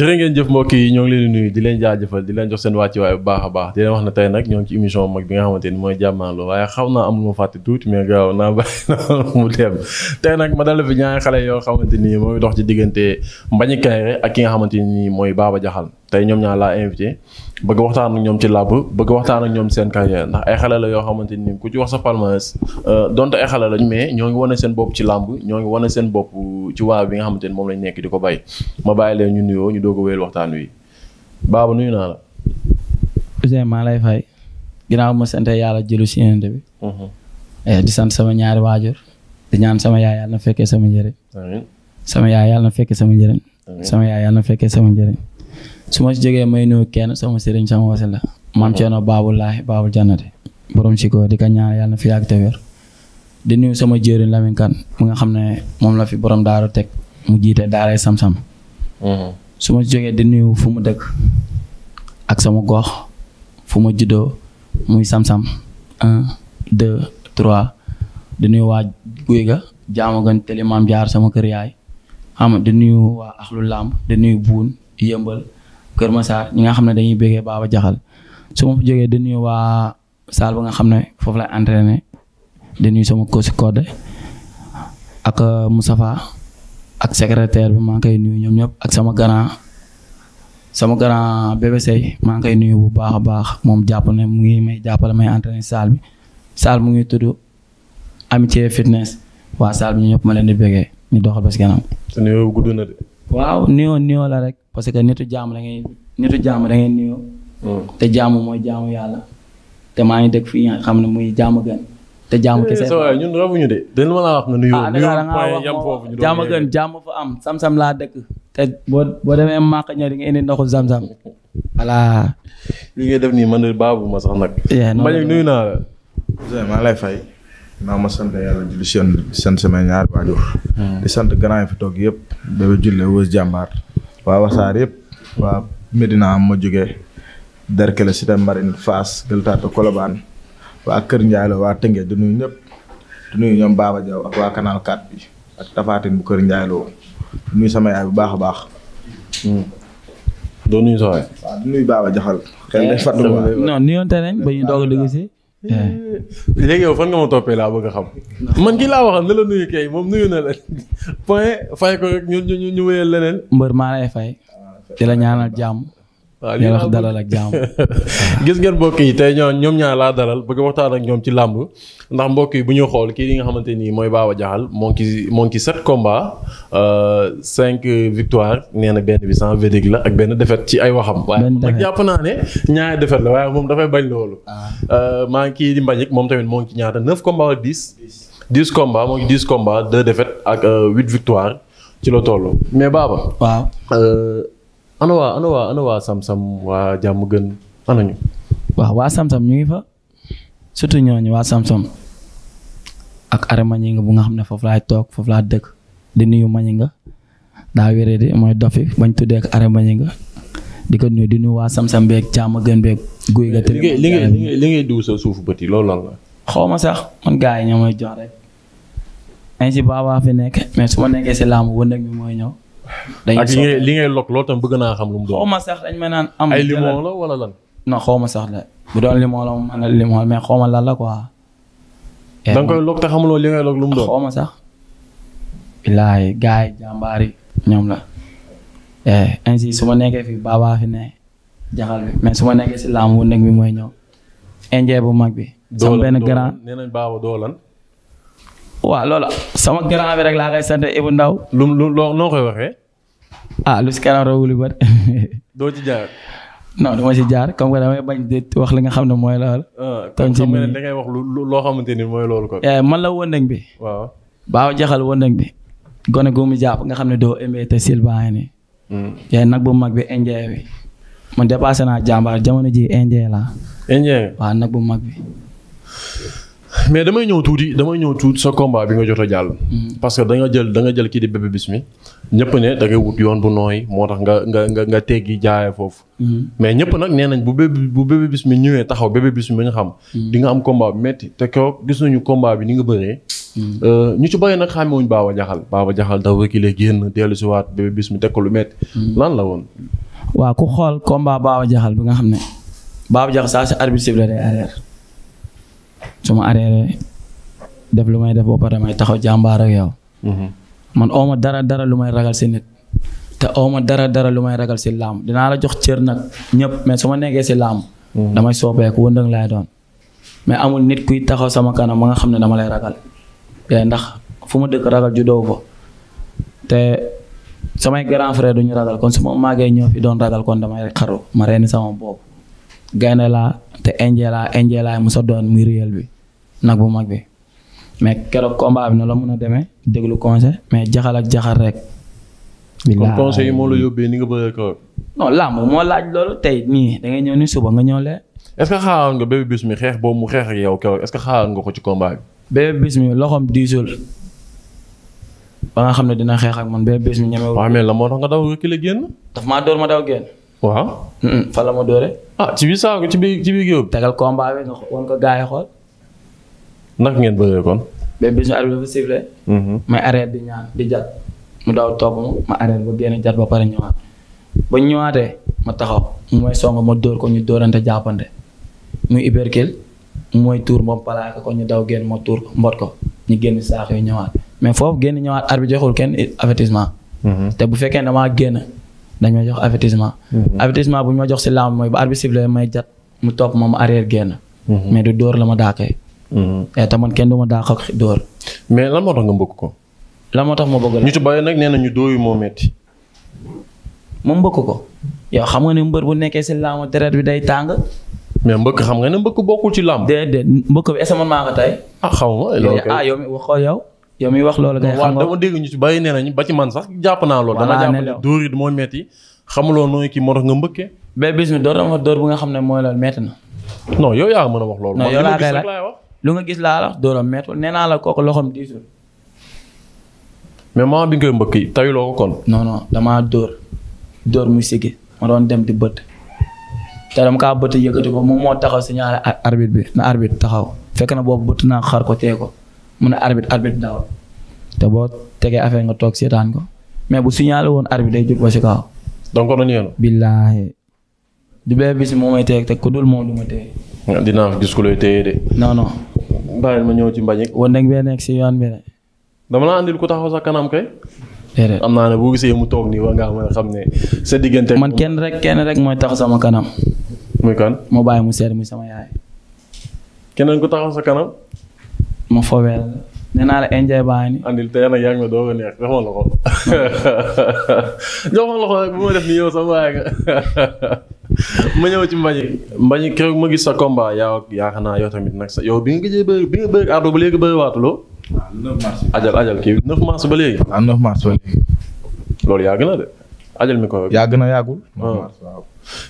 jërë ngeen jëf mbokk yi ñoo ngi leen di nuyu di leen jaajëfal di leen jox seen wàcc waaye bu baax a baax di leen wax ne tey nag ñoo ngi ci émission mag bi nga xamante ni mooy jàmmaarloo waaye xaw naa am lu ma fàtte tuuti mais gaaw naa bàyyi na mu dem tey nag ma dala fi ñaari xale yoo xamante ni mooy dox ci diggante Mbagnick Kaïré ak ki nga xamante nii mooy baaba jaxal tey ñoom ñaar laa invité bëgg waxtaan ak ñoom ci làmb bëgg waxtaan ak ñoom seen carrière ndax ay xale la yoo xamante ni ku ci wax sa palmarès euh, donte ay xale lañ mais ñoo ngi wane seen bopp ci làmb ñoo ngi wane seen bopp ci waaw bi nga xamante ni moom lañ nekk di ko bay ma bàyyi leen ñu nuyoo ñu doog a wéyal waxtaan wi Baba nuyu naa la. lay fay ginnaaw ma sant yàlla jëlu si yéen bi. Mhm. Eh, di sant sama ñaari waajur di sama yaay yàlla na fekkee sama njëriñ. sama yaay yàlla na fekkee sama njëriñ. sama yaay na fekkee sama njëriñ. su ma si jógee may nuyu kenn sama sëriñ sama wasi la maam Ceerno Baabul Laahi Baabul Jannati borom si ko di ko ñaan yàlla na fi yàgg te wér di nuyu sama jëriñ Lamine Kane mu nga xam ne moom la fi borom daaru teg mu jiite daaray sam-sam mm-hmm. su ma si jógee di nuyu fu mu dëkk ak sama gox fu ma juddoo muy sam-sam un deux trois di nuyu waa guy ga jaamu gan tëli maam jaar sama kër yaay xam di nuyu waa axlu làmb di nuyu buun yëmbal Kër Massar ñi nga xam ne dañuy bëggee Baba Jaxal suma ma fa jógee di waa salle ba nga xam ne foofu lay entraîné di nuyu sama coach Codé ak euh, Moustapha ak secrétaire bi maa ngi koy nuyu ñoom ñëpp ak sama grand sama grand bébé maa ngi koy nuyu bu baax a baax moom jàpp nañ mu ngi may jàppale may entraîné salle bi salle mu ngi tudd amitié fitness waa salle bi ñu ñëpp ma leen di bëggee ñu dox a si kanam. su gudd na de. waaw nuyoo nuyoo la rek parce que nitu jaamu da ngay nitu jaamu da nuyoo. Hmm. te jaamu mooy jaamu yàlla. te maa ngi dëkk fii nga xam ne muy jaamu gën. te jaamu kese eh, fa ñun ah, am sam-sam laa dëkk. te boo boo demee màq ñëw di nga indi ndoxu sam-sam. voilà. li ngay def nii man de baabu ma sax nag. nuyu naa la. maa lay fay. naa ma sant yàlla julli seen sant sama ñaari waajur hmm. di sant grand yi fi toog yëpp bébé julle wës jàmbaar waa wasaar yëpp waa Medina ma jógee Derkele Cité Marine Fass Gueule Tapée Colobane waa Kër Ndiaye waa Tëngéej di nuyu ñëpp di nuyu ñoom Baba Diaw ak waa canal 4 bi ak Tafatine bu Kër Ndiaye la woo di nuyu bu baax a baax. Hmm. doo nuyu sa waay. waaw di nuyu Baba Jaxal. xel day fàttali eh, non nuyonte nañ ba ñu doog a dugg si. Eh. léegi yow fan nga ma toppee laa bëgg a xam. man kii laa waxal na nuyu kay moom nuyu na la point fay ko ñu ñu ñu wéyal leneen. mbër maa lay fay. di la ñaanal jàmm. yàlla dalal ak jàmm gis ngeen mbokk yi tey ñoom ñaar laa dalal bëgg waxtaan ak ñoom ci làmb ndax mbokk yi bu ñu xool kii li nga xamante nii mooy Baba Diakhal moo ngi ci moo ngi ci sept combats euh, cinq victoire nee benn bi sans verdict la ak benn defet ci ay waxam. waaye nag jàpp naa ne ñaari défaite la waaye moom dafay bañ loolu. Ah. Euh, maa ngi kii di Mbagnick moom tamit moo ngi ci ñaata neuf combats ak dix. dix combats moo ngi dix combats deux défaites ak euh, huit victoire ci la toll mais Baba. waaw. ana waa ana waa ana waa waa jàmm gën ana ñu. waaw waa sam-sam ñu ngi fa surtout ñooñu waa sam-sam ak are mañinga bu nga xam ne foofu laay toog foofu laa dëkk di nuyu mañinga daa wéree di mooy dofi bañ tuddee ak are mañinga di ko nuyu di nuyu waa sam-sam beeg jàmm gën beeg. guy ga li ngay li ngay diw sa suufu bët loolu lan xaw ma sax man gars yi ñoo may jox rek. ainsi baabaa fi nekk mais su ma nekkee si laamu wëndeeg mi mooy ñëw. li ngay li ngay lok tam bëgg naa xam lu mu doon. ma sax dañ ma naan am. ay limon la wala lan. non xaw ma sax la bu doon limon la ma ne limon mais xaw ma lan la quoi. da nga li lu mu doon. xaw ma yi ñoom la. Eh, ainsi su ma nekkee fii baabaa fi mais su ma nekkee si laam wu bi mooy ñëw. bu mag bi. sama benn grand nee nañ baaba doolan. waaw loola sama grand bi rek laa koy sant Ibou Ndaw. lu lu loo noo koy waxee. ah lu si kanam rawu lu bari. doo ci jaar. non dama si jaar comme que damay bañ di wax li nga xam ne mooy loolu. tam ah, wax loo xamante ni mooy loolu ko. Eh, man la wëndëng bi. waaw baaw jaxal wëndëng bi. gone gu mu jàpp nga xam ne doo émee te silbaa ni. Hmm. yaay nag bu mag bi indien bi. man dépassé naa jàmbaar jamono ji indien laa. indien waaw nag bu mag bi. mais damay ñëw tuuti damay ñëw tuuti sa combat bi nga jot a jàll. Mm. parce que da jël danga nga jël kii di Bébé Bismi ñëpp ne da ngay wut yoon bu nooy moo tax nga nga nga nga teggi jaayee foofu. Mm. mais ñëpp nag nee nañ bu Bébé bu Bébé Bismi ñëwee taxaw Bébé Bismi bi nga xam. Mm. di nga am combat bu métti te keroog gis nañu combat bi ni nga bëree. Euh, ñu ci bëree nag xàmmewuñ Baba Jaxal Baba Jaxal daw reculer génn dellu si waat Bébé Bismi teg ko lu métti. lan la woon. waaw ku xool combat Baba Jaxal bi nga xam ne. Baba Jaxal saa si su ma arrêté def lu may def ba pare may taxaw jàmbaar ak yow. Mm-hmm. man ooma dara dara lu may ragal si nit. te ooma dara dara lu may ragal si laam dinaa la jox cër nag ñëpp mais su ma nekkee si làmb mm-hmm. damay soobeeku wëndëng laay doon. mais amul nit kuy taxaw sama kanam ma nga xam ne dama lay ragal. ndax fu ma dëkk ragal juddoo ko te samay grand frère duñu ragal kon su ma màggee ñoo fi doon ragal kon damay xaru ma reeni sama bopp. gaynde laa te indien laa indien laay musa doon muy réel bi nag bu mag bi mais keroog combat bi na la mën a demee déglu conseil mais jaxal ak jaxal rek. bilaay conseil yi moo la yóbbee ni nga bëree ko. non làmb moo laaj loolu tey nii da ngay ñëw ni suba nga ñëw lee. est-ce que xaaroon nga Bébé Bismi xeex boobu mu xeex ak yow keroog est-ce que xaaroon nga ko ci combat bi. Bébé Bismi loxoom xam ne dina xeex ak man Bébé Bismi ñemewul. waaw mais la moo tax nga daw kii la génn. daf maa door ma daw génn. waaw. fan la ma dóoree. ah ci biir saako ci biir ci biir géew bi. tegal combat bi nga wan ko gaa yi xool. naka ngeen bëree kon. mais bi ñu arrêté dafa sifflé. Mm-hmm. di ñaan mu daw topp ma ma ba benn jat ba pare ñëwaat ba ñëwaatee ma taxaw mooy may ma dóor ko ñu dóorante jàppante muy hypercule mooy tuur moom palaaka ko ñu daw génn ma tuur ko ko ñu génn saako yi ñëwaat mais foofu génn ñëwaat arbitre joxul kenn avertissement. Mm-hmm. te bu fekkee damaa génn. dañ jox avertissement. Mm-hmm. avertissement bu ñu ma jox si làmb mooy ba arbitre siffle may jat mu topp moom arrière génn. Mm-hmm. mais du dóor la ma daakee. Mm-hmm. te man kenn du ma daak dóor. mais lan moo tax nga bëgg ko. lan moo tax ma bëgg la ñu nag nee na ñu dóor moo metti. ma mbëkk ko yow xam nga ne mbër bu nekkee si làmb deret bi day tàng. mais mbëkk xam nga ne mbëkk bokkul ci làmb. déedéet mbëkk bi est-ce que man maa ko tey. ah xaw ma loolu ah yow mi yow. yow mi wax loolu kay xam nga dama dégg ba man sax jàpp naa loolu. dama jàpp ne dóor it mooy metti xamuloo nooy kii moo tax mais bis mi dóor dama nga xam ne mooy loolu metti na. non yow yaa mën a wax loolu. non yow laa koy laaj lu nga gis laa la dóoram mettul nee naa la kooku loxoom diisul. mais moment bi nga mbëkk yi tayuloo ko kon. non non damaa dóor dóor muy siggi ma doon dem di bët. te dama kaa bëtt yëkkati ko moom moo taxaw si signalé arbitre bi na arbitre taxaw fekk na boobu bët naa xar ko tee ko mun a arbitre arbitre daaw te boo tegee affaire nga toog seetaan ko mais bu signalé woon arbitre day jóg ba si kaw. donc kon nañu yoon. billaahi du bee bis moo may teg te ku dul moom du ma téye. Ah, dinaa gis ku lay téye de. non non. bàyyi ma ñëw ci mbañik. woon nag bee nekk si yoon bi de. dama la andil ku taxaw sa kanam kay. déedéet am naa ne boo gisee mu toog nii war ngaa mën a xam ne sa diggante. man kenn rek kenn rek mooy taxaw sama kanam. muy kan. moo bàyyi mu seet muy sama yaay. ma fobeel nee naa la enjoy baa ni. andil yaa ngi ma doog a neex jox ma loxo jox ma def nii yow sama waay nga ma gis sa combat yaa yaakaar naa yow tamit nag sa yow bi nga gëjee bëri bi nga bëri ardo ba léegi bëri waatuloo. ajal ajal kii 9 mars ba léegi. loolu yàgg na de ajal mi ko. yàgg na yàggul. Ah.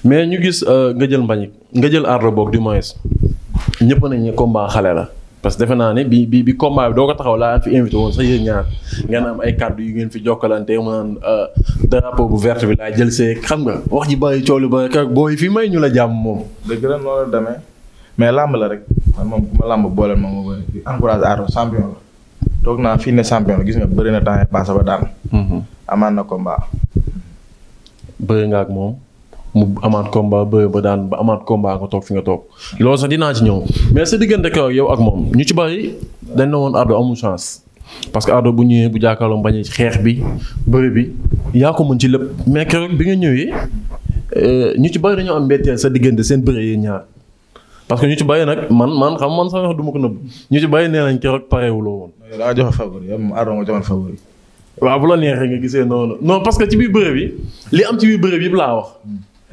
mais ñu gis euh, nga jël Mbañi nga jël ardo boog du moins ñëpp nañu combat xale la. parce que defe naa ne bi bi bi combat bi doo ko taxaw laa fi invité woon sax yéen ñaar ngeen am ay kàddu yu ngeen fi jokkalante mu naan euh, drapeau bu verte bi laa jël see xam nga wax ji bàyyi coow li ba keroog booy fi may ñu la jàmm moom. dëgg la noonu la demee mais làmb la rek man moom ku ma làmb booleel moom moo toog naa fii ne champion gis nga bëri na temps yii passé ba mhm. na combat. bëri nga ak moom. mu amaat combat bëre ba daan ba amaat combat nga toog fi nga toog loolu sax dinaa ci ñëw mais sa diggante kaw yow ak moom ñu ci bari dañ na woon Ardo amul chance parce que Ardo bu ñëwee bu jàkkaarloo bañ ci xeex bi bëre bi yaa ko mën ci lépp mais keroog bi nga ñëwee euh, ñu ci bari dañoo am mbetteel sa diggante seen bëre yi ñaar parce que ñu ci bàyyi nag man man xam man sax du ma ko nëbb ñu ci bàyyi nee nañ keroog pareewuloo woon. daa joxe favori yow moom Ardo nga joxoon favori. waaw bu la neexee nga gisee noonu non parce que ci biir bëre bi li am ci biir bëre bi yëpp laa wax.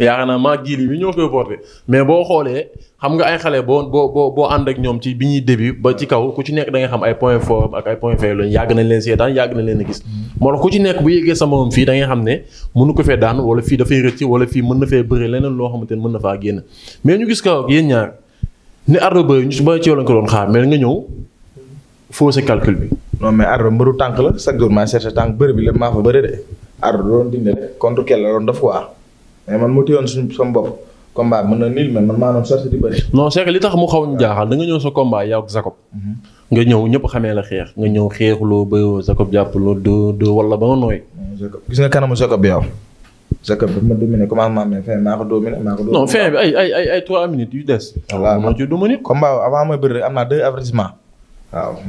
yaakaar naa maa jiili bi ñoo koy porté mais boo xoolee xam nga ay xale boo boo boo boo ànd ak ñoom ci bi ñuy début ba ci kaw ku ci nekk da nga xam ay point fort ak ay point faible lañ yàgg nañ leen seetaan yàgg nañ leen a ku ci nekk bu yéegee xam ne mënu ko fee daan wala fii dafay rëcc wala fii mën na fee bëri leneen loo xamante ne mën na faa génn mais ñu gis kaw ak yéen ñaar ni ardo bëri ñu ba ci yow lañ ko doon xaar calcul bi non mais ardo mbaru tànk la sa jour maa seet tànk bëri bi la maa fa bëri de ardo doon dindale contre mais man mu téyoon suñ sama bopp combat bi na niil mais man maa doon cherché di bëri. non Cheikh li tax mu xaw ñu jaaxal da nga ñëw sa combat yow ak Jacob. Mhm. nga ñëw ñëpp xamee la xeex nga ñëw xeexuloo ba Jacob jàppuloo doo doo wala ba nga nooy. gis nga kanamu Jacob yow. Jacob daf ma dominé commencement mais fin maa ko dominé maa ko dominé. non fin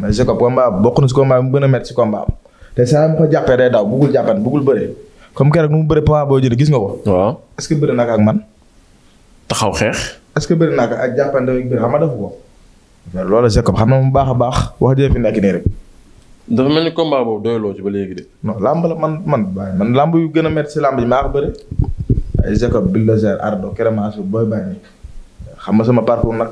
bi na si combat mu gën a métti si combat te saa mu ko jàppee day daw bëggul jàppan bëggul bëri comme keroog nu mu bëre Papa Boy Djiné gis nga ko. waaw est-ce que bëri na ak man. taxaw xeex. est-ce que bëri na ak jàppante ak bëri xam nga defu ko. loolu xam na mu baax a baax wax jëf fi nekk nii rek. dafa mel ni combat boobu doyuloo ci ba léegi de. non làmb la man man man làmb yu gën a métti si làmb yi maa ko bëri. ay Jacob Bulldozer Ardo Keremasu Boy Bani xam nga sama parcours nag.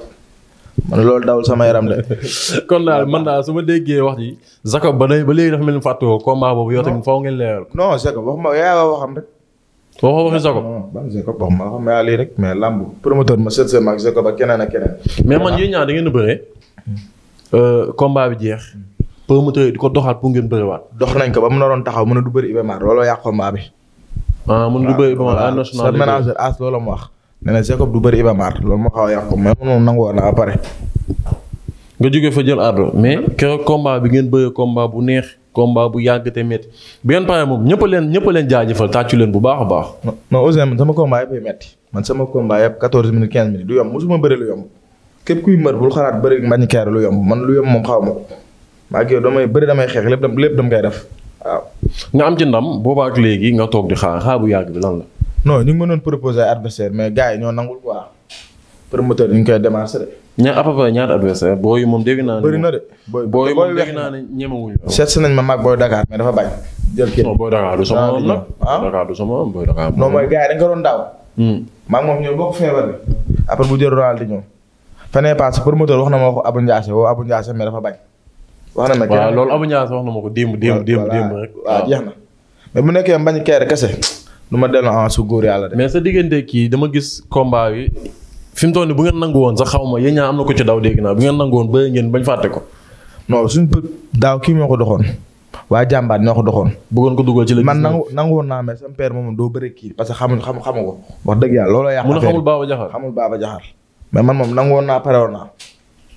man loolu dawul sama yaram de. kon daal man daal su ma déggee wax ji. Jacob ba day ba léegi dafa mel ni fàttewoo combat boobu yow tamit wax ma yaa waxam rek. waxoo waxi Jacob. ban mais lamb promoteur ma seet ma ak ak keneen ak keneen. mais man yéen da ngeen a bëree. Euh, combat bi jeex. promoteur yi ko doxaat pour ngeen bëriwaat. dox nañ ko ba mu naroon taxaw mu ne du bëri Iba Mar looloo yàq combat bi. ah mu ne as loolu mu wax. nee na Jacob du bëri Ibamaar loolu moo xaw a yàqu mais moom nangoon fa jël ardo mais keroog combat bi ngeen bëgg combat bu neex combat bu yàgg te métti bi ngeen pare ñëpp leen ñëpp a jaajëfal tàccu leen bu baax a baax. non Ouzin man sama combat yëpp métti man sama combat yëpp 14 minutes 15 minutes du yomb mosuma bëri lu yomb képp kuy mër bul xalaat bëri mbañ keer lu yomb man lu yomb moom xaw ma ko maa ngi damay bëri damay xeex lépp dam lépp dam koy def waaw. nga am ci ndam boobaa ak léegi nga toog di xaar xaar bu yàgg bi lan la. non ñu ngi mënoon proposer ay adversaire mais gars yi ñoo nangul quoi promoteur ñu ngi koy démarché de. ñaar à peu près adversaire booy yi moom dégg naa. bëri na de booy naa ne ñemewuñu. seet si nañ ma mag booy dafa bañ. jël kii non booy Dakar du sama moom nag. ah Dakar du sama moom booy Dakar. non mooy gars yi dañ ko doon daaw. Hmm. maa ngi moom ñoo bokk feebar bi. après bu jël Ronald di ñëw. fenee pass promoteur wax na ma ko Abou Ndiassé woo Abou Ndiassé mais dafa bañ. wax na ma na ma ko démb démb démb démb rek. waaw jeex na mais bu nekkee mbañ keer kese nu ma dellu en su góor yàlla de. mais sa diggante kii dama gis combat yi fi mu toll nii bu ngeen nangu woon sa xaw ma yéen ñaa am na ko ci daw dégg naa bu ngeen nangu woon ba ngeen bañ fàtte ko. non suñu pë moo ko doxoon waa jàmbaat ñoo ko doxoon. bëggoon ko dugal ci la. man nangu nangu woon naa mais sama père moom doo bëri kii parce que xamu xamu xamu ko wax dëgg yàlla looloo yàq. affaire mun na xamul baaba jaxar xamul baaba jaxar mais man moom nangu woon naa pare woon naa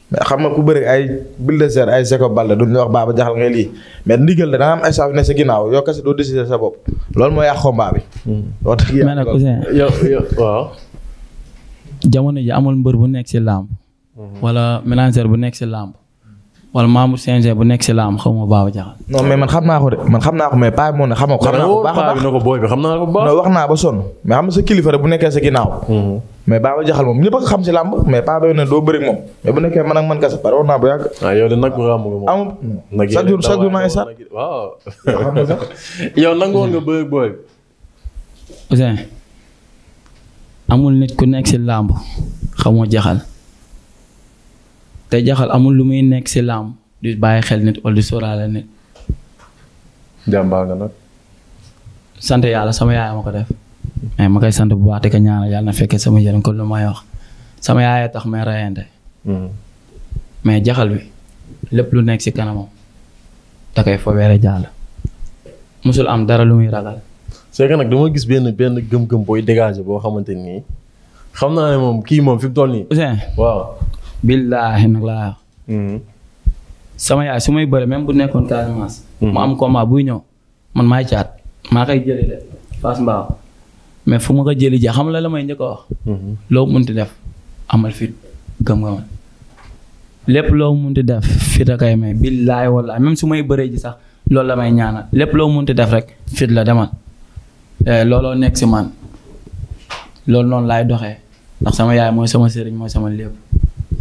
xam nga ku bëri ay bulldozer ay Jacob Baldé du wax baaba jaxal ngay lii mais ndigal la da am staff ne sa ginnaaw yow kese doo décider sa bopp loolu mooy yàq combat bi. Hmm. wax dëgg mais nag Ouzin yow yow waaw. jamono ji amul mbër bu nekk si làmb. Hmm. wala manager bu nekk si làmb. wala maamu CNG bu nekk si laam xaw ma Baba Diakhal. non mais man xam naa ko de man xam naa ko mais paa bi moom xam naa ko. xam naa ko baax a baax ko booy bi xam naa ko baax. non wax naa ba sonn mais xam nga sa kilifa rek bu nekkee sa ginnaaw. Mhm. mais Baba Diakhal moom ñëpp a xam si làmb mais paa boobu nag doo bëri moom mais bu nekkee man ak man kese pare woon naa bu yàgg. ah yow de nag bu ràmb moom. amul nag yéen dawaay sax maa ngi sax. waaw. yow nangu woon nga bëri booy. Ousseyn amul nit ku nekk si làmb xamoo Diakhal te jaxal amul lu muy nekk ci làmb di bàyyi xel nit wala di sóoraale nit. jàmbaar nga nag. sant yàlla sama yaay ma ko def. mais ma koy sant bu baax di ko ñaanal yàlla na fekkee sama jëriñ kon lu may wax sama yaay tax may reyante. Hmm. mais jaxal bi lépp lu nekk ci kanamam da koy fobeere jàll. musul am dara lu muy ragal. c'est que nag gis benn gëm-gëm booy dégager boo xamante nii xam naa ne moom kii moom fi mu toll nii. waaw. billaahi nag laa mm-hmm. sama yaay su may bëre même bu nekkoon Casamance. mu mm-hmm. am combat buy ñëw man maay caat maa koy jëli de Fass Mbao mais fu ma ko jëli ja xam la la may njëkk a wax. Mm-hmm. loo munti def amal fit lépp loo munti def fit a kay may billaahi wallaahi même su may bëree ji sax loolu la may ñaanal lépp loo munti def rek fit la demal eh, looloo nekk si man loolu noonu laay doxee ndax sama yaay mooy sama sëriñ mooy sama lépp.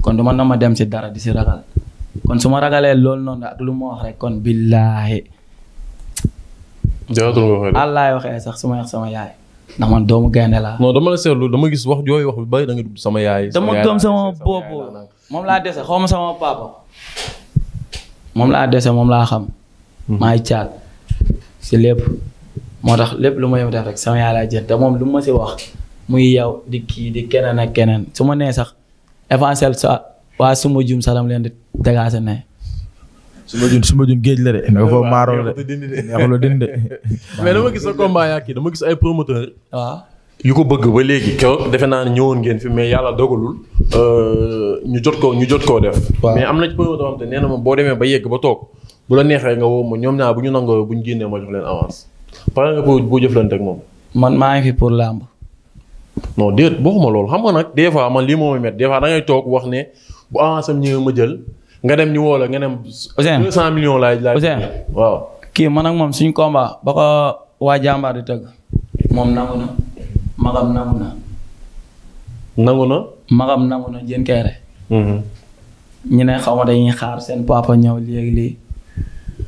kon du man na ma dem si dara di si ragal kon su ma ragalee loolu noonu ak lu ma wax rek kon billaahi. jaatul nga waxee sax su ma wax sama yaay. ndax man doomu gaynde laa. non dama la dama gis wax yooyu wax bari da nga sama yaay. sama yaay dama gëm sama boobu moom laa dese xaw ma sama papa. moom laa dese moom laa xam. Hmm. maay caat si lépp. moo tax lépp lu ma yem rek sama yaay laa jël te moom lu ma si wax muy yow di kii di keneen ak keneen su ma nee sax évangile sa waa suma jum sax dama leen di dégaase ne suma jun suma jun géej la de nga foofu maaroo la neexul a dindi de mais dama gis sa combat yaa dama gis ay promoteur waaw yu ko bëgg ba léegi keroog defe naa ne ñëwoon ngeen fi mais yàlla dogalul euh, ñu jot koo ñu jot koo def mais am na ci promoteur xam te nee na ma boo demee ba yegg ba toog bu la neexee nga woo ma ñoom ñaar bu ñu nangoo bu ñu génnee ma jox leen avance pare nga pour bu jëflante ak moom man maa ngi fi pour non déet bokkuma loolu xam nga nag des fois man lii moo may métti des fois toog wax ne bu avance am ñëwee ma jël nga dem ñu woo la nga dem. Ousseyn 200 millions laay laaj. Ousseyn waaw. kii man ak moom suñu combat ba ko waa jàmbaar di tëgg. moom nangu na magam nangu na. nangu na. magam nangu na jën kere. Mhm. ñu ne xaw ma dañuy xaar seen papa ñëw léegi lii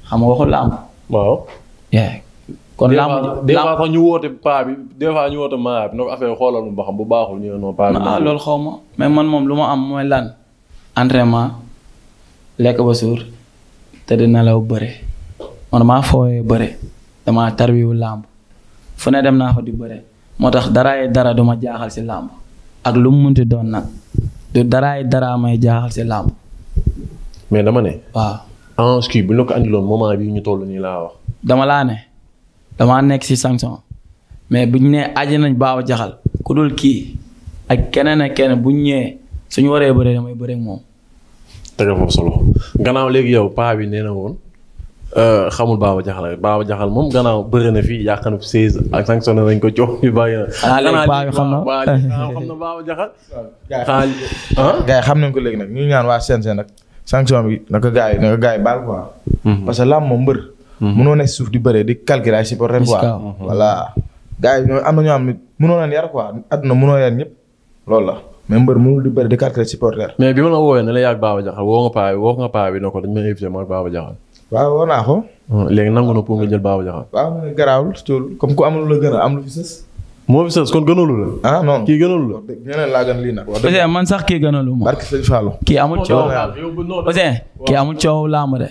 xam nga waxul làmb. waaw. kon lamb des fois ñu woote paa bi des ñu woote maa bi na bu baaxul ñu ne non ah, loolu xaw mais man moom lu ma am mooy lan entraînement lekk ba suur te di nelaw bëre man maa fooyee bëre damaa tarbiwu làmb fu ne dem naa fa di bëre moo tax daraay dara duma ma jaaxal si làmb ak lu mu munti doon nag du daraay dara may jaaxal si làmb mais dama ne waaw Ange kii bu ñu la ko andiloon moment bi ñu toll nii laa wax dama laa ne damaa nekk si sanction mais bu ñu nee aji nañ baaba jaxal ku dul kii ak keneen ak keneen bu ñu ñëwee suñu waree bëree damay bëree moom. tege foofu solo gannaaw léegi yow paa bi nee na woon euh, xamul baaba jaxal baaba jaxal moom gannaaw bëri na fii yàq na fi 16 ak sanctionné nañ ko coow ñu bàyyi na. xam ah, léegi xam na baaba jaxal. Ah? gars yi xam nañ ko léegi nag ñu ñaan waa CNG nag sanction bi na ko yi naka gars yi baal quoi. Mhm. parce que làmb moom mbër. mënoo mhm. nekk suuf di bëre di calculer ay supporter quoi. Mhm. voilà gars yi ñoo am na ñoo am mënoo leen yar quoi àdduna mënoo yar ñëpp loolu la. mais mbër mënul di bëri di calculer supporter. mais bi ma la woowee ne la yàgg Baba Diakhal woo nga paa bi woo nga paa bi ne ko dañ ma invité woo ko. Hmm, na pour nga jël Baba garaawul tool comme ku amul la gën a am lu fi sës. moo fi sës kon gënalu la. ah non kii gënalu la. ñeneen laa gën lii nag. parce man sax kii gënalu ma. barke Sëñ Fallou. kii amul coow. laa ma de.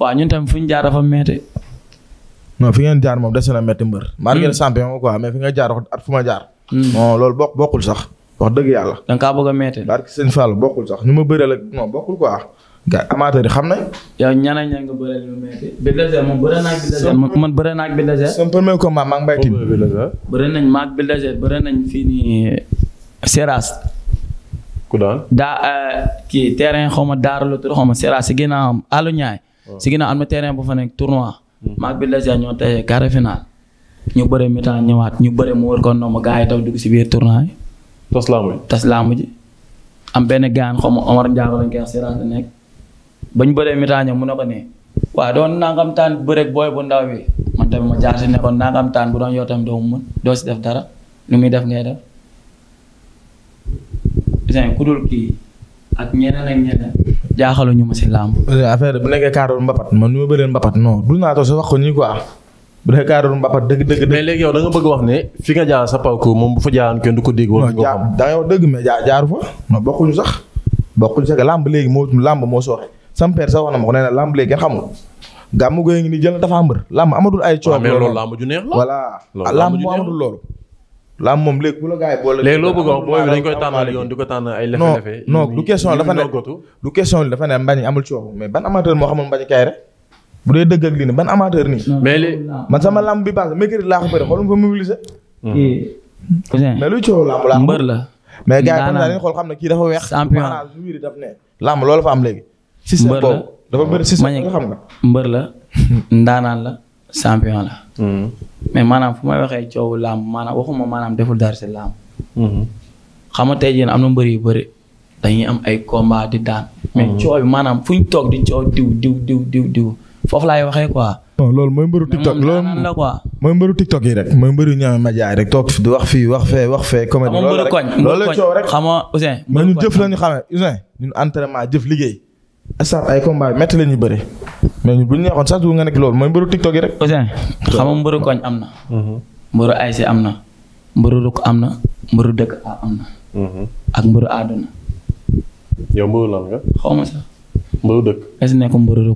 waaw ñun tam fu ñu jaar dafa metti non fi ngeen jaar moom dese na metti mbër. Hmm. maa ngeen champion quoi mais fi nga jaar at fu ma jaar. Hmm. non loolu bokk bokkul sax wax dëgg yàlla. da nga kaa bëgg a metti. barki sëñ Fall bokkul sax nu ma bëree la non bokkul quoi. gars yi xam nañ. yow ñana ña naa ak bi man bëree naa ak bi laser. sama premier combat maa nañ maa ak bi bëree nañ fii nii Seras. ku daa euh, kii terrain xaw ma Daara la tur xaw ma Seras si ginnaaw Alou Niaye si ginnaaw am na terrain bu fa nekk tournoi. maag hmm. bi la ñoo tey carré final. ñu bëre mi temps ñëwaat ñu bëre mu wër ko noonu gars yi taw dugg si biir tournoi yi. tas laamu ji am benn gaan xaw ma Omar Ndiago lañ koy wax bañ bëree mi ñëw mu ne ko nii. waaw doon nangam taan bëreeg booy bu ndaw bi man tamit ma jaar si nekkoon ko nangam taan bu doon yow tamit doo mu mën doo si def dara lu muy def ngay def. gis ku dul kii ak ñeneen ak ñeneen. jaaxaluñu ma si làmb. affaire bu nekkee kaaroon mbapat man nu ma bëreen mbapat non du naa toog wax ko nii quoi bu nekkee kaaroon mbapat dëgg dëgg. mais léegi yow da nga bëgg wax ne fi nga jaar sa parcours moom bu fa ko dégg. wala du ko xam da dëgg mais jaar jaaru fa. non bokkuñu sax bokkuñu làmb léegi moo làmb moo sooxe sam sa sax wax na ma ko nee na làmb léegi kenn xamul gàmmu goy ngi ni jël na dafa mbër làmb amatul ay coow. waaw mais loolu làmb ju neex la. voilà làmb moo amatul loolu laa moom léegi bu la gars yi boole. a wax booy bi dañ yoon di ko tànn ay lefe-lefe. non non du question dafa ne du question dafa ne sama lamb bi passé mercredi laa ko bëri xoolum fa hmm. la mbër mais gars yi comme xool xam ne kii dafa weex. champion maanaam wiiri daf ne. lamb loolu fa am léegi. mbër la système boobu dafa nga xam nga. mbër la ndaanaan la champion la. Mm-hmm. mais maanaam fu may waxee coowu làmb maanaam waxuma maanaam deful dara si làmb. Mm-hmm. xam nga tey jii am na mbëri yu bëri dañuy am ay combat di daan. mais mm-hmm. coow bi maanaam fu ñu toog di coow diw diw diw diw diw foofu laay waxee quoi. non loolu mooy mbëru TikTok loolu mooy mbëru TikTok yi rek. mooy mbëru ñaame majaay rek toog di wax fii wax fee wax fee. comme loolu rek coow rek xam nga Ousseyn. mais jëf la ñu xamee Ousseyn ñun entraînement jëf liggéey. instant ay combat métti la ñu bëri. mais bu ñu neexoon sax du nga nekk loolu mooy mbëru TikTok yi rek. Ouzin mbëru koñ am na. Mhm. mbëru ayse am na. mbëru rukk am na. mbëru dëkk am na. Mhm. ak mbëru xaw ma sax. mbëru dëkk. est-ce nekk la. non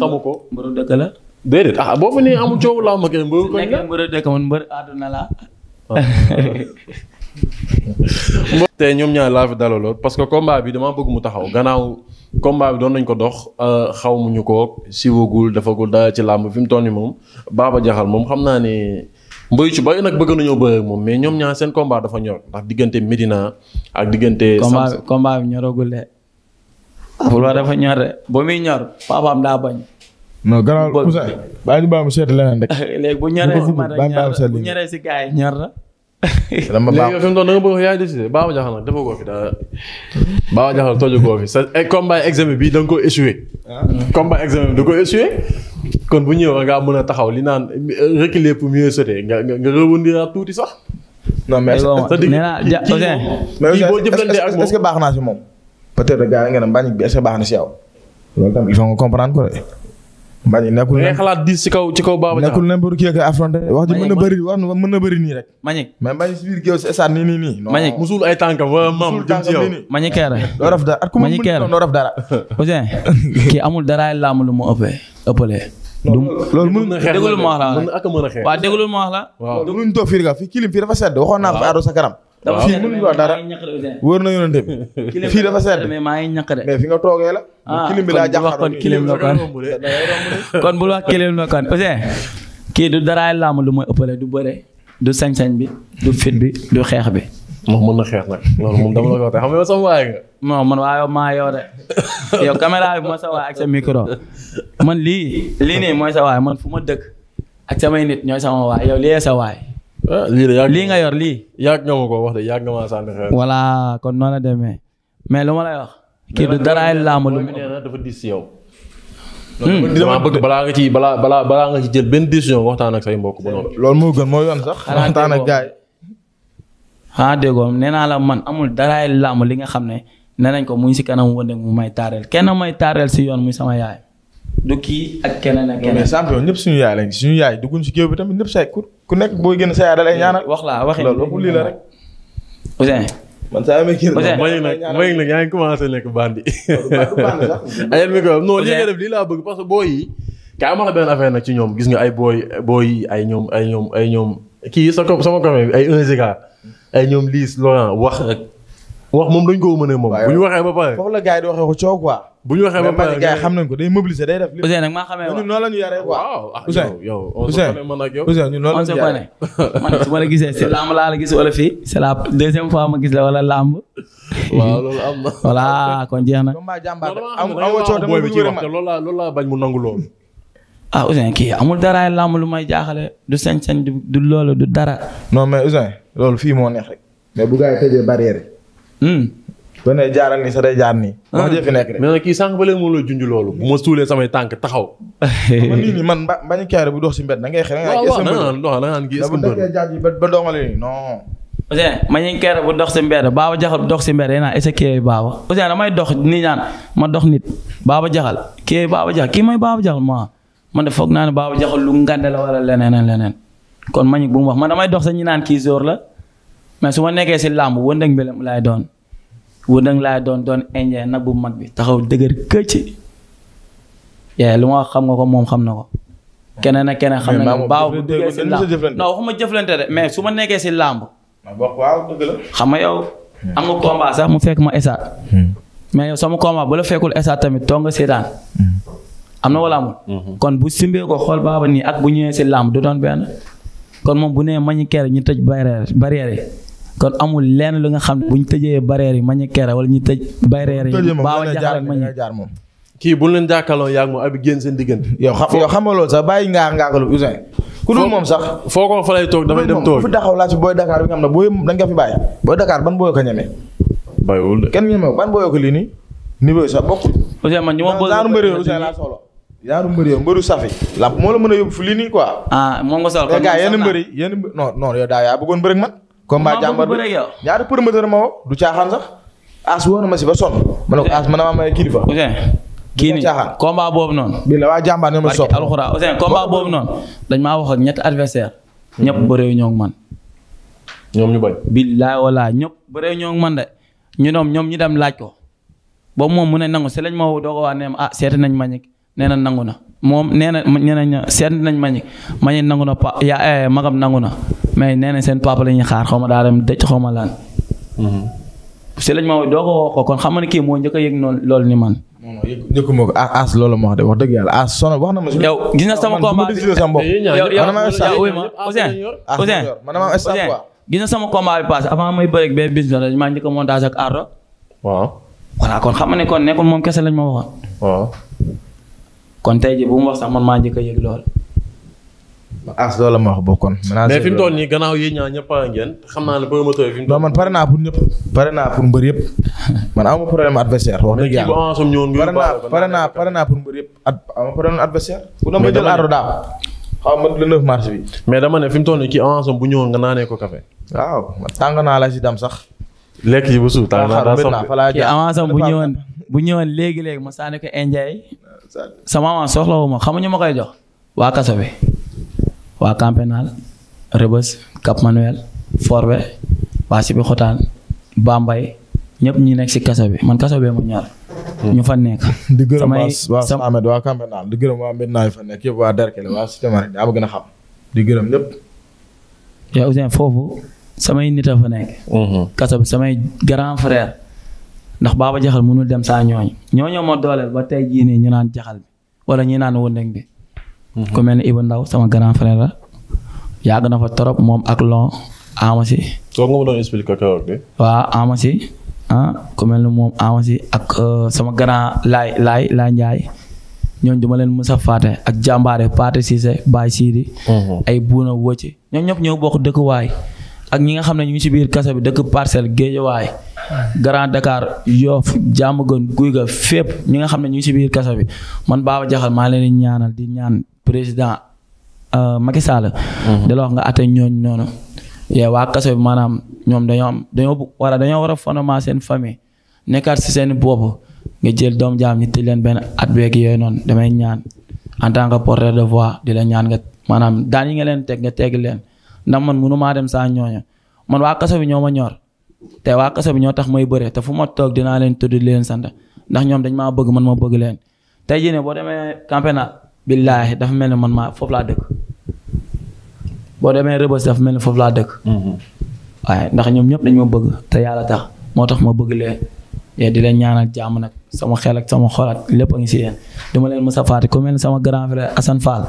ko. mbëru dëkk la. déedéet ah boo fa nee amul coow laa mbëru dëkk man mbëru àdduna la ah. te ñoom ñaar laa fi dalaloon parce que combat bi damaa bëgg mu taxaw gannaaw combat bi doon nañ ko dox euh, xaw mu ñu ko siwagul dafagul dara ci làmb fi mu toll nii moom Baba Jaxal moom xam naa ne mbëy ci ba nag bëgg nañoo bëre moom mais ñoom seen combat dafa ñor ndax diggante Medina ak diggante. combat combat bi ñoragul de. Fulba dafa ñor de ba muy ñor papaam daa bañ. non mu seet leneen rek. léegi bu ñoree si man rek ñor yi ñor la. dama baax léegi fi mu doon da nga bëgg yaay décidé Baba Diakhal nag dafa goo fi dara Baba Diakhal tooju goo fi sa combat examen bi da nga ko échoué. combat examen bi da ko échoué. kon bu ñëw nga mën a taxaw li naan reculer pour mieux sauter nga nga nga rebondiraat tuuti sax. non mais nee naa ja ok. kii boo jëflantee ak moom est que baax naa si moom. peut-être gars yi nga bi est baax na si yow. loolu tam il faut nga comprendre ko de. Mbagnick nekkul ne xalaat diis ci kaw ci kaw Baba Diakhar nekkul ne mbëru wax ji na bëri nii rek. Mbagnick mais Mbagnick si biir géew si esaat nii nii nii. Mbagnick musul ay tànkam wa maam jëm dara at ku ma mën doo dara. Ousseyn kii amul daraay laamu lu mu ëppee ëppalee. loolu mën na xeex déglu ma wax la waaw déglu ma wax la. waaw loolu mën na toog fii rek fii kilim fii dafa sedd waxoon naa fa aaro sa kanam waaw fii mënuñu wax dara wóor na yonente fii dafa sedd mais maa ngi ñaq de mais fi nga toogee la. Ah, kilim bi kon kilim kii du daraay làmb lu mooy ëppale du bëre du sañ bi du fit du xeex bi. moom mën na xeex nag loolu man waaye maa yow yow caméra bi mooy sa waay ak sa micro man lii lii nii mooy sa waay man fu ma dëkk ak samay nit ñooy sama waay yow lii sa waay. Ah, lii nga yor lii. yàgg nga ma ko wax de yàgg nga ma sànni xeer. voilà kon noonu la demee mais lu ma lay wax. kii du daraay laamu lu mu dafa dis si yow. Hmm. balaa nga ci balaa balaa balaa nga ci jël benn décision waxtaan ak say mbokk ba noppi. loolu moo gën moo yoon sax. waxtaan ak nee naa la man amul daraay laamu li nga xam ne nee nañ ko mu si kanam wëndeeg mu may taareel kenn may taareel si yoon muy sama yaay. du kii ak keneen ak keneen. suñu yaay lañ suñu yaay dugguñ si géew bi tamit ñëpp say ku ku nekk booy génn sa yaay da lay ñaanal. wax laa waxee loolu lii la rek. Ouzin. man saa ma génn ma yëg nag ma yëg nag yaa ngi commencé nekk bandi. ayel mi ko lii laa bëgg parce que booy yi. kaa ma la benn affaire nag ci ñoom gis nga ay booy booy yi ay ñoom ay ñoom ay ñoom kii sa ko sama copain bi ay 1 Giga ay ñoom liis Laurent wax ak wax moom dañ ko mën a moom bu ñu waxee ba pare. foofu la gars di waxee ko coow quoi bu ñu waxee ba pare gars xam nañ ko day mobiliser day def. Ousseyn nag maa xamee waaw noonu la ñu yaree waaw ah, yow yow Ousseyn man la ma la gisee si làmb laa gis wala fii c'est la deuxième fois ma gis la wala làmb. waaw loolu am na. voilà kon jeex na. loolu laa loolu laa bañ mu nangu loolu. Ah, làmb lu may jaaxale du sañ-sañ du loolu du dara. noo mais Ousseyn loolu fii moo neex rek. mais bu gaa yi tëjee barrière. Hmm. ba ne jaaral nii sa day jaar nii. Ah. wax jëf kii sànq ba léegi moom la junj loolu. bu ma suulee samay tànk taxaw. man nii nii man bu dox si mbedd da ngay xëy da ngay. waaw waaw da ngaa ba dongale nii non. Ousseyn ma ñu bu dox si mbedd Baba Jaxal bu dox si mbedd yéen a essayé kii Baba. Ousseyn damay dox ma dox nit Baba Jaxal kii Baba Jaxal kii mooy Baba Jaxal ma man de foog naa ne Baba Jaxal lu ngande la wala leneen leneen kon ma ñu mu wax man damay dox sa ñu naan kii Zor la mais su ma nekkee si làmb wëndëng bi laay doon wëndëng laa doon doon indien nag bu mag bi taxaw dëgër këcc yee lu ma xam nga ko moom xam na ko keneen ak keneen xam na ko baaw bu duggee si làmb non waxuma su ma nekkee si làmb xam nga yow am nga combat mu fekk ma esaat hmm. mais yow sama combat la fekkul esaat tamit toog nga seetaan hmm. na wala amul hmm. kon bu simbee ko xool baaba nii ak bu ñëwee si làmb du doon benn kon moom bu nee mañi kere ñu tëj barrière barrière kon amul lenn lu nga xam bu ñu tëjee barrière yi mañu kere wala ñu tëj barrière yi baawa jaxal ak mañu jaar moom kii bu leen jàkkaloo yaa ngi moom abi génn seen diggante yow xam nga loolu sax bàyyi ngaa ngaakalu Ouzin ku dul moom sax foo ko fa lay toog dafay dem toog fi taxaw laa ci booy Dakar bi nga xam ne booy dañ ko fi bàyyi booy Dakar ban booyoo ko ñeme bàyyiwul de kenn ñeme ban booyoo ko lii nii niveau yi sax bokk Ouzin man ñu ma bëgg mbëri Ouzin laa solo yaaru mbëri yow mbëru safi la moo la mën a yóbbu fi lii nii quoi ah moom nga sol gars yenn mbëri yenn non non yow daa yaa bëggoon mbëri ak man combat jàmbar bi ñaari promoteur ma woo du caaxaan sax as woo na ma si ba sonn ma ne ko ma ne maa may kilifa. kii nii combat boobu noonu. bii waa jàmbaar ñoom la sopp alxuraan Ousseyn combat boobu noonu ñëpp bëreewu ñoo ñoom ñu man de ñoom ñoom ñu laaj ko ba moom mu ne nangu si lañ ma woo doo ah seeti nañ ma ñekk nee na nangu na moom nee na nee nañ seet nañ mañik mañik nangu na pa eh, magam nangu na mais nee seen papa la xaar xaw ma daa dem dëj xaw ma laan. Mm-hmm. si lañ ma woo doo ko woo ko kon xam nga ne kii moo a yëg noonu loolu ni man. njëkkuma ko ah, as loolu ma wax de wax dëgg yàlla as sono wax na ma. yow gis na sama combat bi yow yow yow ah, gis na sama combat bi passé avant may bëreeg benn bis la maa njëkk a montage ak Ardo. waaw voilà kon xam moom kese lañ ma waxoon. waaw. kon tey ji bu mu wax sax man maa njëkk a yëg lool. as loolu ma wax bokkoon. mais fi mu toll nii gannaaw yi ñaa ñëpp a ngeen xam naa ne promoteur yi fi mu toll. non man wax dëgg yàlla. pare naa pare naa ma jël ma bi. mais dama ne fi mu toll nii kii avance bu ñëwoon nga naanee ko café. waaw tàng naa la si dam sax. lekk yi bu suuf tàng naa daa soxla kii bu ñëwoon bu ñëwoon léegi léegi ma ko Ndiaye sama maam soxlawu ma xamuñu ma koy jox waa kaso bi waa camp pénal Rebeuss Cap Manuel Forbe waa Sébikotane Bambey ñëpp ñu nekk ci kaso bi man kaso bee ma ñor. Hmm. ñu fa nekk. di gërëm waa sama Ahmed waa camp nekk yëpp waa Derkele waa ma gën samay nit a fa nekk. Hmm. kaso bi samay grand frère. ndax baaba jaxal mënul dem saa ñooñu ñooñoo ma doole ba tey jii nii ñu naan jaxal bi wala ñu naan wëndeg bi. Mhm. ku mel ni Iba Ndaw sama grand frère la yàgg na fa trop moom ak lon amasi. soog nga ma doon expliquer kaw bi. waaw amasi ah, ak euh, sama grand laay laay laay Njaay ñooñu duma leen mës faate ak jàmbaare Paate Cissé Baye Sidi. Mhm. ay buuna wócce ñoom ñëpp ñoo bokk dëkkuwaay. ak ñi nga xam ne ñu ngi ci biir kaso bi dëkk parcelle géejawaay Grand Dakar Yoff Diamaguène guy ga fépp ñi nga xam ne ñu ngi ci biir kaso bi man Baba Diakhal maa leen di ñaanal di ñaan président euh, Macky Sall mhm. da la wax nga atte ñooñ noonu yee waa kaso bi maanaam ñoom dañoo am dañoo wala dañoo war a fondement seen famille nekkaat ci seen bopp nga jël doom jaam ñi tëj leen benn at beeg yooyu noonu damay ñaan en tant que porteur de voix di la ñaan nga maanaam daan ñi nga leen teg nga teg leen ndax man mënu maa dem saa ñooña man waa kaso bi ñoo ma ñor te waa kaso bi ñoo tax may bëre te fu ma toog dinaa leen tudd leen sant ndax ñoom dañ maa bëgg man ma bëgg leen tey ne boo demee campénat billaahi dafa mel ni man maa foofu laa dëkk demee rëbës dafa mel ni foofu laa dëkk mm-hmm. ndax ñoom ñëpp dañ bëgg te yàlla tax moo tax ma bëgg leen di leen ñaanal jàmm nag sama xel ak sama xol ak lépp a ngi si yéen duma leen mës a fàtte ku mel ni sama grand frère Assane Fall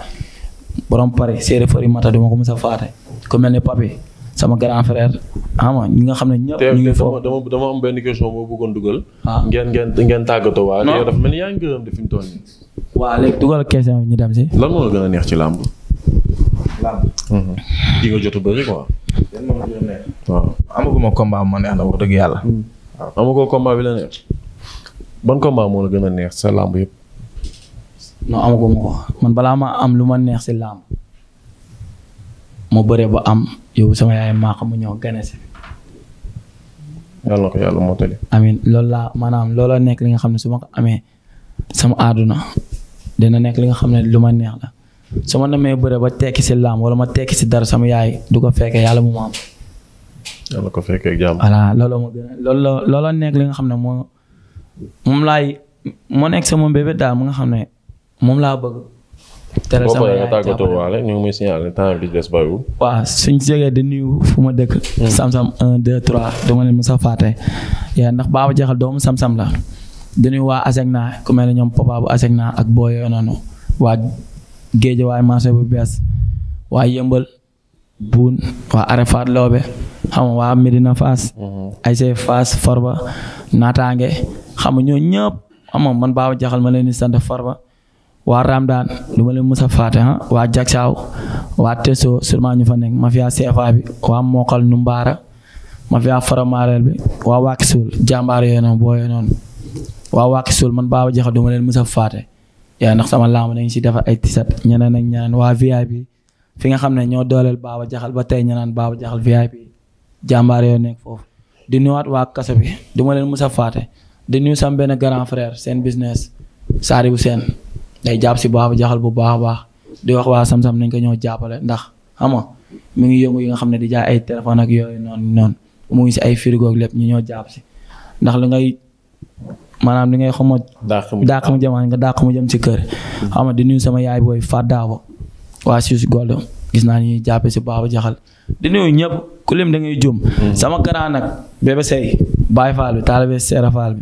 borom pare séeréer fari mata duma ko mos sa faate ku mel ne papi sama grand frère xam nga ñi nga xam ne ñëpp ñu ngi foofu dama dama am benn question boo bëggoon dugal. ah ngeen ngeen ngeen tàggatoo waa. non dafa mel ni yaa ngi gërëm de mu toll nii. waa léegi dugal ñu dem si. lan moo la gën a neex ci làmb. làmb. Mhm. di nga jot a bëri quoi. yan moom la neex. waaw ma neex na wax dëgg yàlla. waaw hmm. amagoo combat bi ban combat moo la gën a neex sa làmb yëpp. non amaguma ko man balaa ma am lu ma neex si làmb ma bëre ba am yow sama yaay maa xam mu ñëw gane si. yàlla loolu laa maanaam looloo nekk li nga xam ne su ma ko amee sama àdduna dina nekk li nga xam ne lu ma neex la su ma demee si làmb wala ma tekki si dara sama yaay du ko fekkee yàlla mu ma am. yàlla looloo a nekk li nga xam ne moo moom laay moo nekk sama mbébét daal mu nga xam ne. moom laa bëgg. teral sama yaay tàggatoo waale ñu ngi suñ jegee di nuyu fu ma dëkk. Hmm. samsam un deux trois dama leen mës a fàtte. yaa ndax baaba jaxal doomu samsam la. di nuyu waa Asegna ku mel ne ñoom papa bu Asegna ak boo yooyu waa géej waa marché bu bees waa yëmbal buun waa Arafat loobe xam waa Medina Fass. Hmm. ay see Fass Farba naataange xam nga ñëpp xam man baaba jaxal ma leen di sant Farba. waa Ramdaan du ma leen mës a fàtte ah, waa Jaksaaw waa Teso sûrement ñu fa nekk mafia CFA bi waa Mokal Numbaara mafia Faramareel bi waa Wakisul jàmbaar yooyu noonu boo yooyu noonu man Baba Jaxa du ma leen mës a fàtte yaa ndax sama laamu dañ si defar ay tisat ñeneen ak ñeneen waa VIP fi nga xam ne ñoo dooleel Baba Jaxal ba tey ñu naan Baba Jaxal VIP jàmbaar yooyu nekk foofu di nuyuwaat waa kaso bi du ma leen mës a fàtte di nuyu sama benn grand frère seen business Sadibou seen day jàpp si ba Jaxal bu baax a baax di wax waa Sam Sam nañ ko ñëw jàppale ndax xam mu ngi yëngu yi nga xam ne di jaay ay téléphone ak yooyu noonu noonu mu ngi si ay frigo ak lépp ñu ñoo jàpp si ndax li ngay maanaam li ngay xamoo dàq mu jëm nga dàq mu jëm si kër xam di nuyu sama yaay booy fàddaabo waa Suisse Gold gis naa ñuy jàppe si Baba Jaxal di nuyu ñëpp ku lim da ngay jum mm. sama grand nag bébé sey Baye Fall bi taalibe Seera Fall bi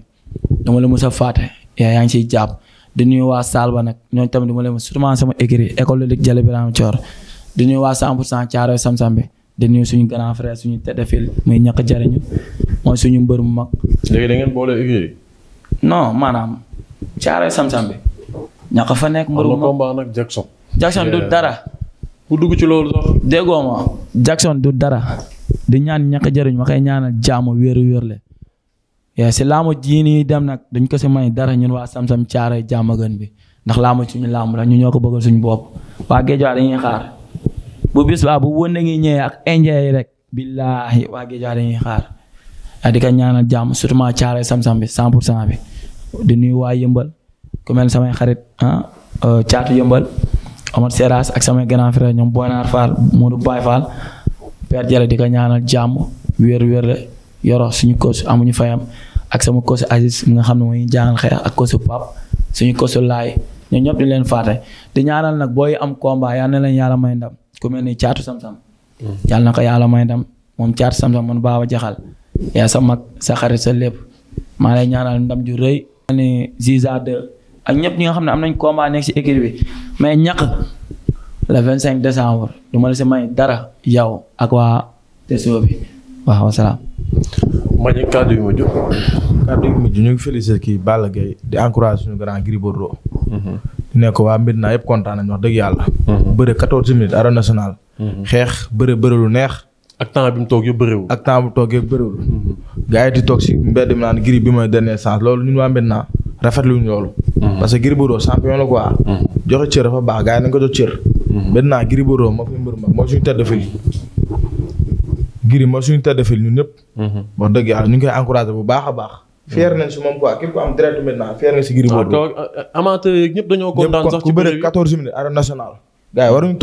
dama la mos a fàtte yaa ngi siy jàpp di nuyu waa Salba nag ñooñu tamit dama leen surtout sama écrit école de Jalle Birame Thior di nuyu waa 100 pour cent Thiaroye Samsam bi di nuyu suñu grand frère suñu tedefil muy ñàkk jariñu mooy suñu mbër mu mag. léegi da ngeen boole écrit. non maanaam Thiaroye Samsam bi fa nekk mbër mu mag combat nag Jackson. Jackson du dara. bu dugg ci loolu sax. déggoo du dara di ñaan ñàkk jariñu ma koy ñaana jaamu wéeru wéer le si laamu jii nii dem nag duñ ko si may dara ñun waa sam-sam caare jàmmagan bi ndax laamu suñu laamu la ñu ñoo ko bëggal suñu bopp waa Géejawaay dañuy xaar bu bis baa bu wën ñëwee ak indien yi rek billaahi waa Géejawaay dañuy xaar a di ñaanal jàmm surtout ma caare sam-sam bi cent pour cent bi di nuyu waa yëmbal ku mel samay xarit ah euh, caatu yëmbal Omar Seras ak samay grand frère ak sama coach Aziz mi nga xam ne mooy jàngal xeex ak coach Pape suñu coach laay ñoom ñëpp dañ leen faate di ñaanal nag booy am combat yal na leen yàlla may ndam ku caatu sam-sam mm-hmm. yàlla may ndam moom caatu sam-sam man baaba jaxal yaa sa mag sa xarit sa lépp maa lay ñaanal ndam ju rëy ni Ziza 2 ak ñëpp ñi nga xam ne am nañ combat nekk ci équipe bi mais ñaq le 25 décembre du ma la si may dara yow ak waa Teso bi waaw wasalaam Mbagnick kàddu yu mujj. kàddu ñu ngi kii bal Gaye di encouragé suñu grand Gris Bordeaux. Mhm. ne ko waa Medina yëpp kontaan nañu wax dëgg yàlla. Mhm. bëre 14 minutes arène nationale. Mhm. xeex bëre bëre lu neex. ak temps bi mu toog yëpp bëriwul. ak temps bi mu toog yëpp yi di toog si mbedd mi naan bi mooy dernier chance loolu ñun waa Medina rafetluñ loolu. parce que Gris Bordeaux champion la quoi. joxe cër dafa baax gars yi nañ ko jox cër. Medina Gris moo fi mbër tedd fii. Gris ma suñu tëddefil ñun ñëpp. Mhm. wax dëgg yàlla ñu ngi koy encouragé bu baax a baax. Euh,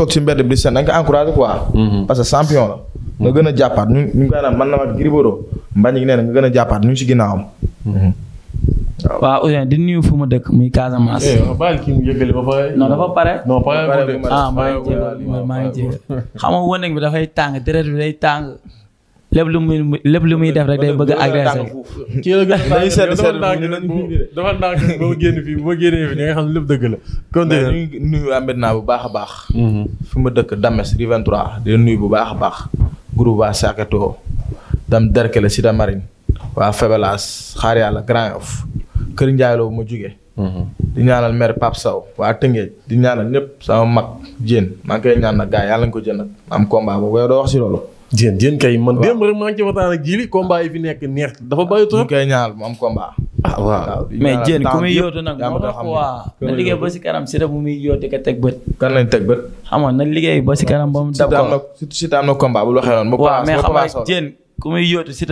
ci mbedd bi di seen dañ ko encouragé mhm. parce que champion la. nga gën a jàppaat ñu ñu ngi koy man na ma Gris mbañ gi nee nga gën a jàppaat ñu si ginnaawam. Mhm. waaw Ouzin di nuyu fu mu dëkk muy Casamance. baal eh, kii bi dafay tàng deret bi day tàng. lépp lu muy lépp lu muy def rek day bëgg a agressé. kii la gën a sedd sedd dafa ndànk ba génn fii ba génnee fii nga xam ne lépp dëgg la. kon de ñu nuyu Ameth naa bu baax a baax. Mhm. fi ma dëkk Dames Rue 23 di nuyu bu baax a baax. groupe waa Sakato dam Derkele Cité Marine waa Febelaas xaar yàlla Grand Yoff Kër Ndiaye loo ma jugee. Mhm. di ñaanal maire Pape Sow waa Tëngéej di ñaanal ñëpp sama mag Dieng maa ngi koy ñaan nag gars yi yàlla nga ko jënd am combat boobu yow doo wax si loolu. jën jën kay man. démb rek maa ngi ci waxtaan ak jili combat yi fi nekk neex dafa bàyyi trop. ñu koy ñaanal mu am combat. ah waaw mais jën ku muy yóotu nag moo tax waa jën ku muy yóotu si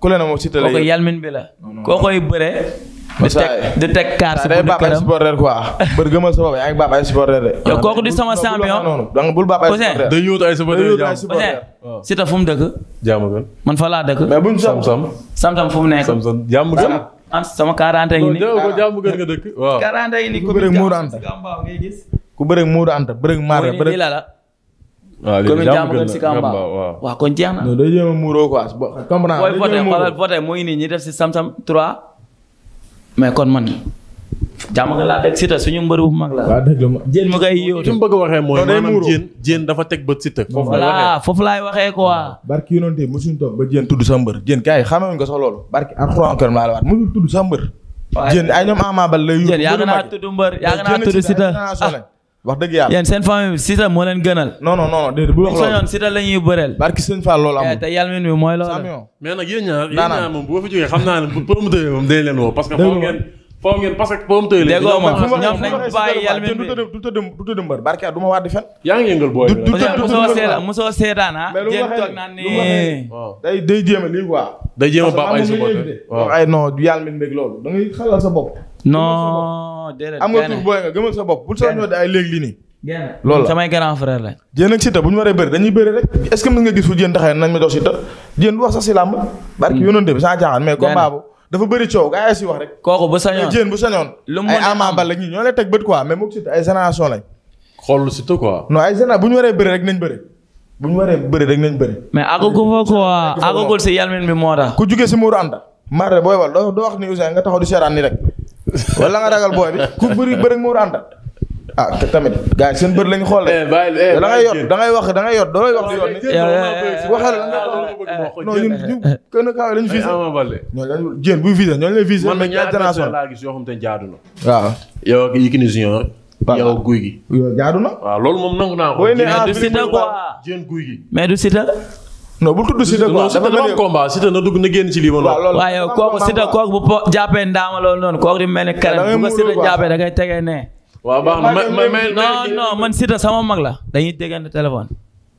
ku leen moom si ta lay kooku yalmin bi la. koo koy bëree. di teg di teg kaar si buntu këram supporter quoi bër gëmal sa bopp yaa ngi baab ay supporter de. yow kooku di sama champion donc bul baab ay supporter day yuut ay supporter si ta fu mu dëkk. jàmm gën man fa laa dëkk. mais buñ sam sam sam sam fu mu nekk. sam sam jàmm gën ah sama quarante ngi nii ko jàmm gën nga dëkk waaw quarante ngi nii ku bëreeg muur anta ngay gis ku bëreeg muur anta bëreeg maar bëreeg la la waaw léegi jàmm gën si Kamba waaw kon jeex na. non day jéem a muuroo quoi comprendre. booy voté xoolal voté mooy nii ñi def si sam sam trois mais kon man jàmm nga laa teg Siteu suñu mbër bu mag la. waaw dëgg la jéen mu koy yóotu. mu bëgg waxee mooy maanaam jéen jéen dafa teg ba Siteu. foofu laay waxee ko laay waxee quoi. barki yónent bi mosuñu toog ba jéen tudd sa mbër jéen gars yi xamee nga sax loolu. barki alxuraan kër laa la waat mosul tudd sa mbër. waaw ay ñoom Ama Baldé lay. jéen yaa ngi tudd mbër yaa ngi naa tudd Siteu wax dëgg yàlla yéen seen famille Siteu moo leen gënal. non non non déedéet bu wax loolu soñoon Siteu la ñuy bëreel. barki sëñ Fall loolu amul eh, te yàlla min bi mooy loolu. mais nag yéen ñaar yéen ñaar moom bu ko fi jógee xam naa ne promoteur moom dañ leen woo que foo ngeen parce que foo mu tëjee léegi. déggoo ma ñoom nañ bàyyi yàlla mi du tëdd du tëdd mbër barke du ma waat di fen. a a ay supporter waaw ay non da ngay sa bopp. non déedéet am nga tur booy nga gëmal bopp bul soo ñëw di ay léegi loolu la samay la. jéen ak bu ñu waree bëri dañuy bëri rek est-ce que nga gis fu jéen taxee nañ ma jox Siteu jéen du wax sax hmm. mais combat bu dafa bëri coow gaa yi si wax rek. kooku bu sañoon jéen bu sañoon. lu mu ay Ama Baldé ñi ñoo lay teg bët quoi mais moom surtout ay génération lañ. xool bu ñu waree bëri rek nañ bëri. bu ñu waree bëri rek nañ bëri. mais àggagu fa quoi àggagul si yalmin bi moo tax. ku jugee si muuru ànda. mara booy wal doo wax ni Ousseyn nga taxaw di seeraan ni rek. wala nga ragal booy bi ku bëri bëri muuru ànda. ah te tamit gars yi seen bër lañ xool rek. Eh, eh, da ngay yor da ngay wax da ngay yor da ngay wax si yoon ni. waxal la nga eh, wax non ñun ñu kenn kawe lañu visé. ñooñu lañu jéem buy visé ñooñu lay visé. man nag ñaata personne laa gis yoo xam te jaadu na. waaw yow ak Yékini Junior. yow guy gi. yow jaadu na. waaw loolu moom nangu ko. booy guy gi. mais du Siteu. non bu tudd Siteu quoi dafa mel ni combat na dugg na génn ci lii ma loolu. waaw yow kooku Siteu kooku bu jàppee ndaama loolu noonu kooku di mel ni karem bu ko Siteu jàppee da tegee nee waaw baax na man non non man sama mag la dañuy déggante téléphone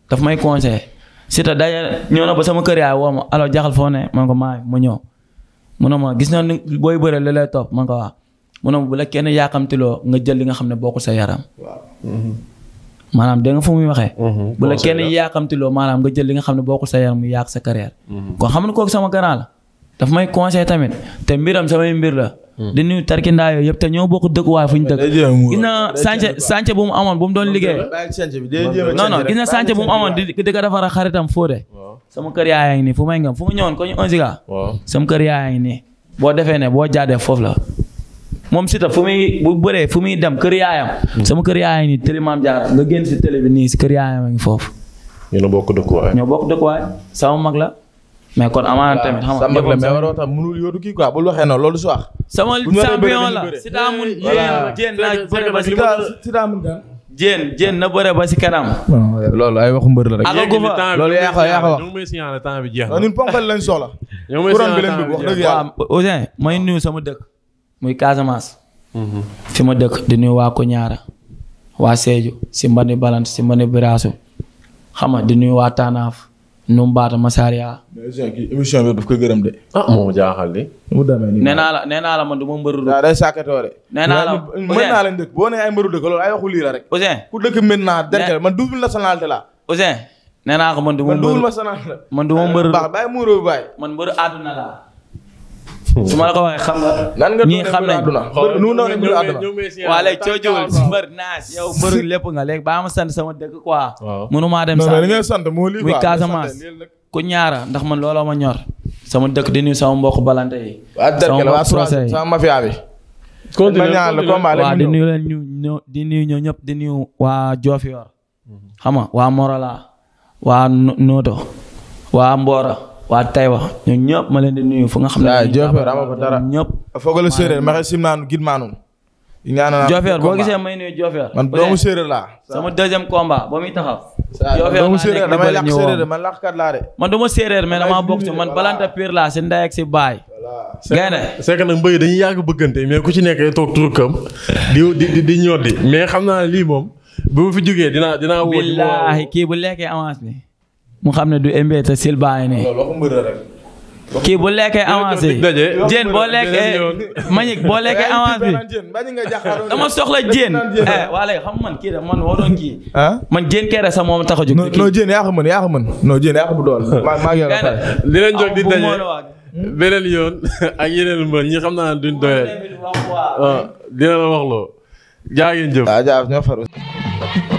daf may conseillé Siteu daje ñëw na ba sama kër yaay woo ma alors jaxal foo ne man ko maay mu ñëw mu ne gis naa ni booy bëre li lay topp man ko waa mu ma bu la kenn yaakamtiloo nga jël li nga xam ne bokkul sa yaram. maanaam dégg nga fu muy waxee. Mm-hmm. bu la kenn yaakamtiloo maanaam nga jël li nga xam ne bokkul sa yaram mu yàq sa carrière. Mm-hmm. kon xam nga kooku sama grand la daf may conseillé tamit te mbiram samay mbir la. Mm. di nuyu tarkindaa yooyu yëpp te ñoo bokk dëkkuwaay fu ñu dëkk. gis na sànce sànce bu mu amoon bu mu doon liggéey. non gis na sànce bu mu amoon di di ko defar xaritam Fodé. sama kër yaa ngi nii boo defee ne boo jaadee foofu la. moom si ta fu muy bu bëree fu muy dem kër yaayam. Mm. sama kër yaayam nii télé maam jaar nga génn si télé bi nii si kër yaayam a ngi foofu. ñoo bokk dëkkuwaay. ñoo bokk dëkkuwaay sama mag la. mais kon amaana tamit xam nga la mais waroo tam kii quoi bul waxee noonu loolu su wax. sama champion la si daa mun jéen naa kanam na bëre ba si kanam. loolu ay waxu mbër la rek. àggagu fa loolu yaa ko yaa ko wax. ñu ngi may bi jeex na. ñun ponkal lañ soxla. ñu may signaler sama dëkk. muy Casamance. Mhm. fi dëkk di nuyu waa Koñaara. waa Sédhiou si Mbani Balante si Mbani Birasou. waa Tanaaf ñoom Baata Massaria. émission bi daf koy gërëm de. ah moom jaaxal de. mu demee nii nee la nee la man du ma mbëru dëkk. waaw ah, day sàkkatoo la mën naa leen dëkk boo dëkk loolu ay waxu rek. Ouzin ku dëkk maintenant derkel man double nationalité la. Ouzin nee ko man du ma mbëru man double nationalité man du ma mbëru baax bàyyi muuroo bi bàyyi. man mbëru àdduna la. su ma la ko waxee xam nga. nan nga ñii xam nañ waa léegi coojowul si mbër naas yow mbëru lépp nga léegi baa ma sant sama dëkk quoi. mënumaa dem sant non sant moo lii muy Casamance ku ñaara ndax ma looloo ma ñor. sama dëkk di nuyu sama mbokk balante yi. sama mbokk procès yi sama mafia bi. continué waaw di nuyu leen ñu ñëpp di nuyu waa Diofior. Mhm. xam nga waa Morola waa Noto waa Mbora. waa Taïba ñun ñëpp ma leen di nuyu fu nga xam ne. waaw Diofior amoo ko dara ñëpp. foog la séeréer ma xëy simnaanu gidmaanu. Diofior boo gisee may nuyu Diofior. man doomu séeréer laa. sama deuxième combat ba muy taxaw. doomu séeréer damay lakk séeréer man lakkat ma séeréer mais damaa bokk ci man balanta pire laa si ndey ak si baay. gaynde c'est que nag mbëy dañuy yàgg bëggante mais ku ci nekk toog turkam di di di ñoddi mais xam naa lii moom bu ma fi jógee dinaa dina woo. billaahi kii bu lekkee avance bi mu xam ne du ëmbee te sil baa kii bu lekkee avance yi jën boo lekkee mañik boo lekkee avance bi dama soxla jën waa léegi xam man kii da man waroon kii ah? man jën kere sa moom tax a jóg non jën yaa ko mën yaa ko mën non jën yaa ko bu dool maa ngi di ah, daje hmm? beneen yoon ak yeneen mbër ñi xam naa duñ doyal ah, dina la wax loo jëf